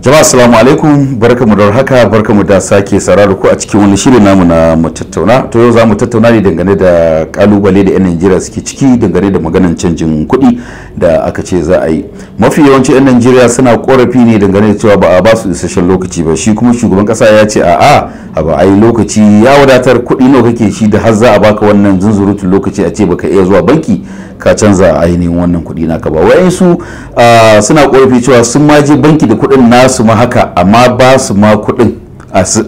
jama'a assalamu alaikum barkamu da haka barkamu da sake sauraro ku a cikin wani shirin namu na mu tattauna to yau za mu tattauna ne dangane da kalubale da yan Najeriya suke ciki dangane da maganan canjin kuɗi da aka ce za a yi mafi yawanci yan Najeriya suna korafi ne dangane da cewa ba a basu isasshen lokaci ba shi kuma shugaban kasa ya ce a'a a ba a yi lokaci ya wadatar kuɗi nawa kake shi da har za a baka wannan zunzurutun lokaci a ce baka iya zuwa banki ka canza ainihin wannan kuɗi naka ba wayansu ah, suna korafi cewa sun ma je banki da kuɗin nasu ma haka amma ba su ma kuɗin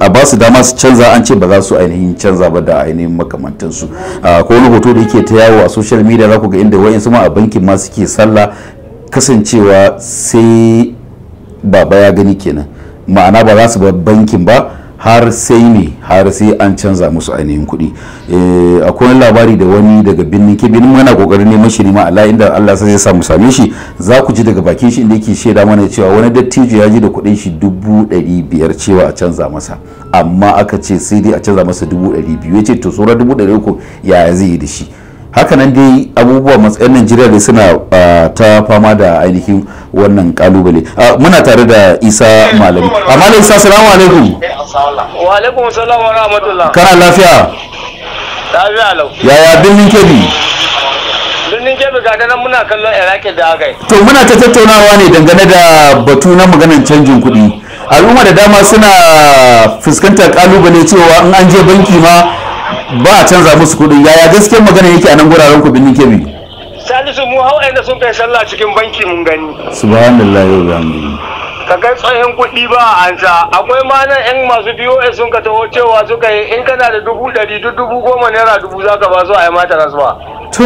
a ba su dama su canza an ce ba za su ainihin canza ba da ainihin makamantansu ah, ko wani hoto da yake ta yawo a social media za ku ga inda wayansu ma a bankin ma suke sallah kasancewa sai baba ya gani kenan ma'ana ba za su bar bankin ba har sai ne har sai an canza musu ainihin kuɗi eh, akwai wani labari da wani daga birnin ke muna mana kokarin neman shi ma Allah inda Allah sai ya mu same shi za ku ji daga bakin shi inda yake shaida mana cewa wani dattijo ya ji da kuɗin shi dubu ɗari biyar cewa a canza masa amma aka ce sai dai a canza masa dubu ɗari biyu ya ce to sauran dubu ɗari uku yaya zai yi da shi hakanan dai abubuwa matsayin najeriya da suna ta fama da ainihin wannan kalubale muna tare da isa malami a malam isa salamu alaikum wa alaikum salam wa rahmatullah kana lafiya lafiya lau yaya birnin kebi birnin kebi ga nan muna kallon iraki da agai to muna ta tattaunawa ne dangane da batu na maganar canjin kuɗi al'umma da dama suna fuskantar kalubale cewa in an je banki ma ba a canza musu kuɗi yaya gaskiyar magana yake a nan guraren ku binin bi? salisu mu hau inda sun kai sallah cikin banki mun gani subhanallah yau ga mu ka kai tsayin kuɗi ba a ansa akwai ma nan yan masu BOS sun ka taho cewa suka yi in kana da dubu ɗari duk dubu goma naira dubu zaka ba su a yi mata rasuwa to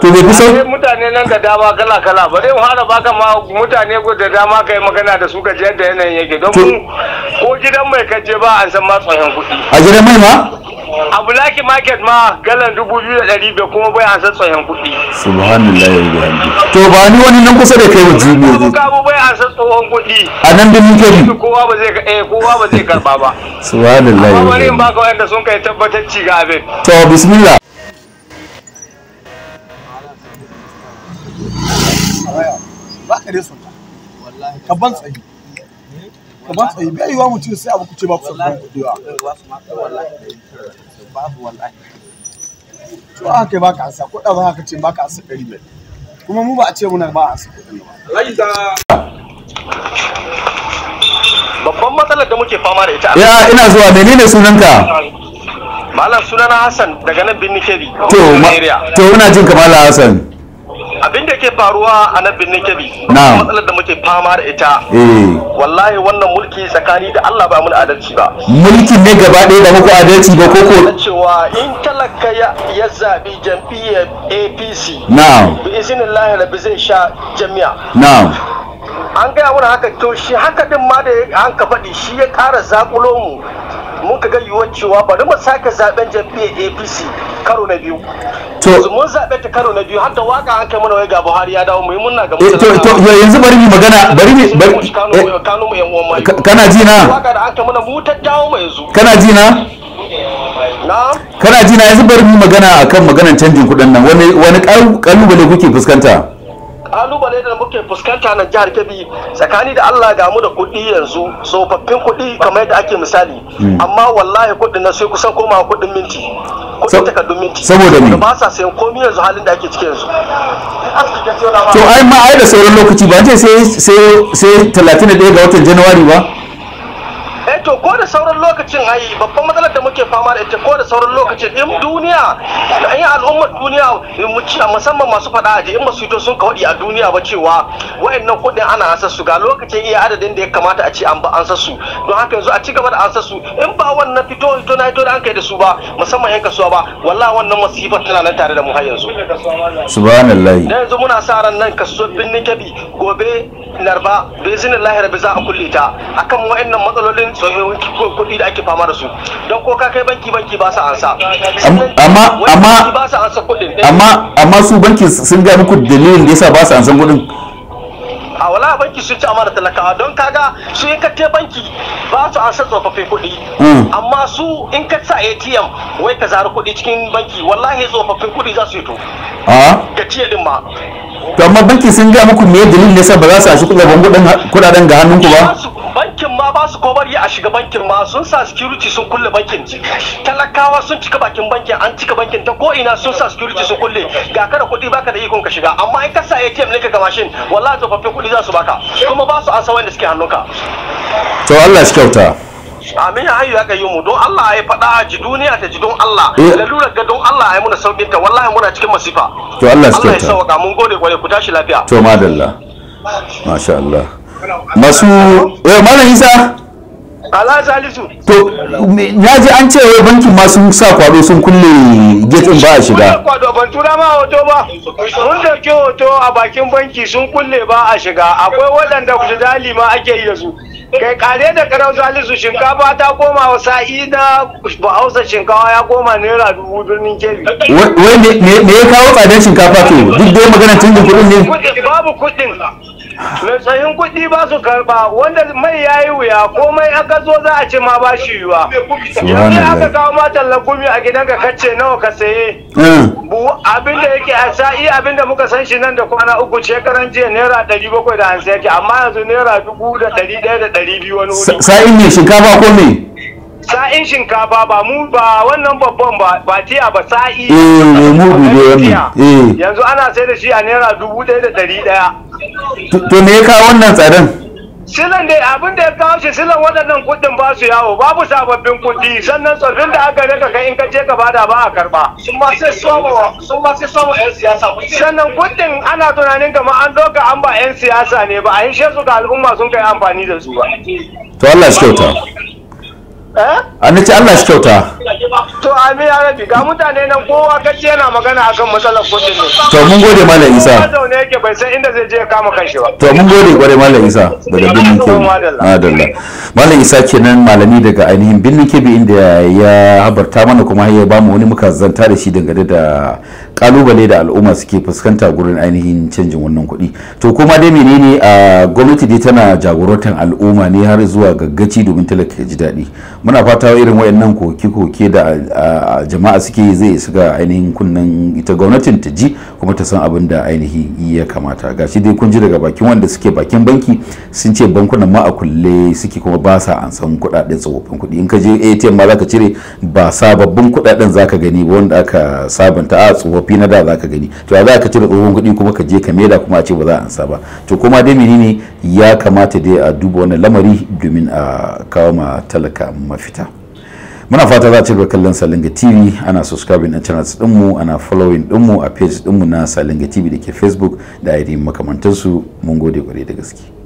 to bai fi sauki mutane nan da dama kala kala ba zai fara baka ma mutane da dama ka yi magana da su ka ji yadda yanayin yake don ko gidan mai kaje ba an san ma tsohon kuɗi a gidan mai ma a bulaki market ma galan dubu biyu da ɗari bai kuma bai an san tsohon kuɗi subhanallah ya yi to ba ni wani nan kusa da kai wa jibi ne ka bai an san tsohon kuɗi a nan da muke bi kowa ba zai eh kowa ba zai karba ba subhanallah amma bari in baka wanda sun kai tabbatar ci ga abin to bismillah ba ka dai sauka ka ban tsayi ka ban tsayi bai yiwa mutum sai abu kuce ba ku sauka kuɗewa to aka kai baka asa ko da ba ka ce baka asa ɗari biyar kuma mu ba a ce muna ba a asa kuɗin ba babban matsalar da muke fama da ita ya ina zuwa menene sunanka malam sunana hassan daga nan birnin kebbi to ina jin kamala hassan yake faruwa a nan birnin Kebbi matsalar da muke fama da ita eh. wallahi wannan mulki tsakani da Allah ba mun adalci ba mulki ne gaba ɗaya da muku adalci ba koko cewa in talaka ya zabi jam'iyyar APC na'am bi iznillahi bi zai sha jami'a an gaya mana haka to shi haka din ma da an ka faɗi shi ya ƙara zakulo mu mun ka ga yiwuwar cewa bari mu sake zaben jam'iyyar apc karo na biyu to mun zabe ta karo na biyu har da waka an kai mana wai ga buhari ya dawo muhimmin na ga eh, to to yanzu bari mu magana bari mu bari kanu mu eh, yan uwan mai kana ji na waka da an kai mana mu ta dawo mu yanzu kana ji na kana ji na yanzu bari mu magana akan maganar canjin kudin nan wani wani kalubale kuke fuskanta kalubale da muke fuskanta na jihar kebbi tsakani da allah ga mu da kuɗi yanzu tsofaffin kuɗi kamar yadda ake misali hmm. amma wallahi kuɗin na sai kusan komawa kuɗin minti kuɗin takardun minti saboda ne ba sa sayan komai yanzu halin da ake ciki yanzu to ai ma ai da sauran lokaci ba ce sai sai 31 ga watan januwari ba to ko da sauran lokacin ai babban matsalar da muke fama da ita ko da sauran lokacin in duniya in al'ummar duniya mu ci musamman masu faɗa aje in masu sun ka kawadi a duniya ba cewa wayannan kuɗin ana ansar su ga lokacin iya adadin da ya kamata a ci an ba ansar su don haka yanzu a ci gaba da ansar su in ba wannan fito fito na fito da an kai da su ba musamman yan kasuwa ba wallahi wannan masifar tana nan tare da mu har yanzu subhanallahi yanzu muna sa ran nan kasuwar binnin kabi gobe larba da izinin lahira bi za a kulle ta akan wa'annan matsalolin tsohon kuɗi da ake fama da su don ko ka kai banki banki ba sa ansa amma amma ba sa ansa kuɗin amma amma su banki sun ga muku dalilin da yasa ba sa ansa kuɗin a wala banki sun ci amana talakawa don kaga su in kake banki ba su ansa tsofaffin kuɗi hmm. amma su in ka sa atm wai ka zara kuɗi cikin banki wallahi tsofaffin kuɗi za su yi to ta tiya din ma to amma banki sun ga muku me dalilin ne ba za su ashi kudaden kudaden ga hannunku ba bankin ma ba su ko bari a shiga bankin ma sun sa security sun kulle bankin talakawa sun cika bakin bankin an cika bankin ta ko ina sun sa security sun kulle ga kada kudi baka da ikon ka shiga amma in ka sa ATM ne ka ga machine wallahi tsofaffin kudi za su baka kuma ba su an sa wanda suke hannunka to Allah ya kyauta amin ya hayyu aka yi mu don Allah ya faɗa ji duniya ta ji don Allah eh. lalura ga don Allah ya muna saukin ta wallahi muna cikin masifa to Allah ya sauka mun gode gwale ku tashi lafiya to madalla masha Allah masu eh malam Isa Ala Salisu to na ji an ce bankin ma sun sa kwado sun kulle gate din ba a shiga kwado ban tura ma hoto ba mun dauke hoto a bakin banki sun kulle ba a shiga akwai waɗanda kudali ma ake yi da su kai kare da karau salisu shinkafa ta koma wa sa'i na bahausa shinkafa ya koma naira dubu birnin kebi wai me ya kawo tsadar shinkafa to duk dai maganar canjin kuɗin ne babu kuɗin mai tsayin kuɗi ba su karɓa wanda mai ya yi wuya komai aka zo za a ce ma ba shi yiwa yanzu aka kawo ma tallar a gidan ka kacce nawa ka saye hmm. abin da yake a sa'i abin da muka san shi nan da kwana uku shekaran jiya naira ɗari bakwai da hamsin yake amma yanzu naira dubu da ɗari ɗaya da ɗari biyu wani wuri sa'in ne shinkafa ko me sa'in shinkafa ba mu ba wannan babban ba ba tiya ba sa'i eh, eh, eh. yanzu ana sai da shi a naira dubu ɗaya da ɗari ɗaya to me ya kawo wannan tsadan silan dai abin da ya kawo shi silan waɗannan kuɗin ba su yawo babu sababbin kuɗi sannan tsoffin da aka rika kai in ka je ka bada ba a karba sun ma sai somo sun ma sai somo yan siyasa sannan kuɗin ana tunanin kamar an doka an ba yan siyasa ne ba a hishe su ga al'umma sun kai amfani da su ba to Allah shi kyauta Eh? an ce Allah shi kyauta to amin ya rabi ga mutane nan kowa kace yana magana akan matsalar kudin ne to mun gode malam Isa to zaune yake bai san inda zai je kama kanshi ba to mun gode gore malam Isa daga binnin kebi madalla malam Isa kenan malami daga ainihin binnin kebi inda ya habarta mana kuma ya ba mu wani muka zanta da shi dangane da kalubale da al'umma suke fuskanta gurin ainihin canjin wannan kuɗi to kuma dai menene a gwamnati dai tana jagorantar al'umma ne har zuwa gaggaci domin talaka ya ji daɗi muna fata irin wayannan koke-koke da jama'a suke yi zai suka ainihin kunnen ita gwamnatin ta ji kuma ta san abin da ainihi ya kamata gashi dai kun ji daga bakin wanda suke bakin banki sun ce bankunan ma a kulle suke kuma ba sa an san kudaden tsofaffin kudi in ka je atm ma zaka cire ba sababbin kuɗaɗen zaka gani wanda aka sabanta a tsofaffi na da zaka gani to a zaka cire tsofaffin kudi kuma ka je ka maida kuma a ce ba za a ansa ba to kuma dai menene ya kamata dai a duba wannan lamari domin a kawo ma talaka mafita muna fata za ci kallon salinga tv ana subscribing internet channels dinmu ana following dinmu a page dinmu na salinga tv da ke facebook da iri makamantansu mun gode gure da gaske